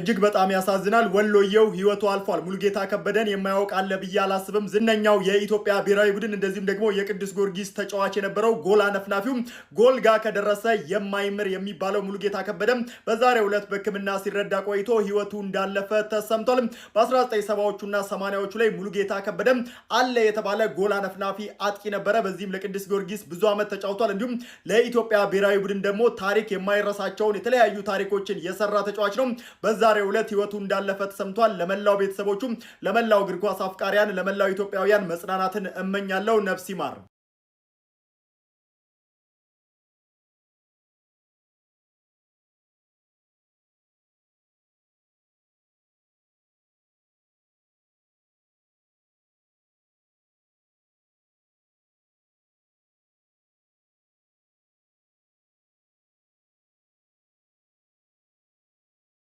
እጅግ በጣም ያሳዝናል። ወሎየው ህይወቱ አልፏል። ሙሉጌታ ከበደን የማያውቅ አለ ብዬ አላስብም። ዝነኛው የኢትዮጵያ ብሔራዊ ቡድን እንደዚሁም ደግሞ የቅዱስ ጊዮርጊስ ተጫዋች የነበረው ጎል አነፍናፊውም ጎል ጋር ከደረሰ የማይምር የሚባለው ሙሉጌታ ከበደም በዛሬው ዕለት በሕክምና ሲረዳ ቆይቶ ህይወቱ እንዳለፈ ተሰምቷል። በ1970ዎቹና 80ዎቹ ላይ ሙሉጌታ ከበደም አለ የተባለ ጎል አነፍናፊ አጥቂ ነበረ። በዚህም ለቅዱስ ጊዮርጊስ ብዙ ዓመት ተጫውቷል። እንዲሁም ለኢትዮጵያ ብሔራዊ ቡድን ደግሞ ታሪክ የማይረሳቸውን የተለያዩ ታሪኮችን የሰራ ተጫዋች ነው። በዛ በዛሬው ዕለት ህይወቱ እንዳለፈ ተሰምቷል። ለመላው ቤተሰቦቹም፣ ለመላው እግር ኳስ አፍቃሪያን፣ ለመላው ኢትዮጵያውያን መጽናናትን እመኛለሁ። ነፍስ ይማር።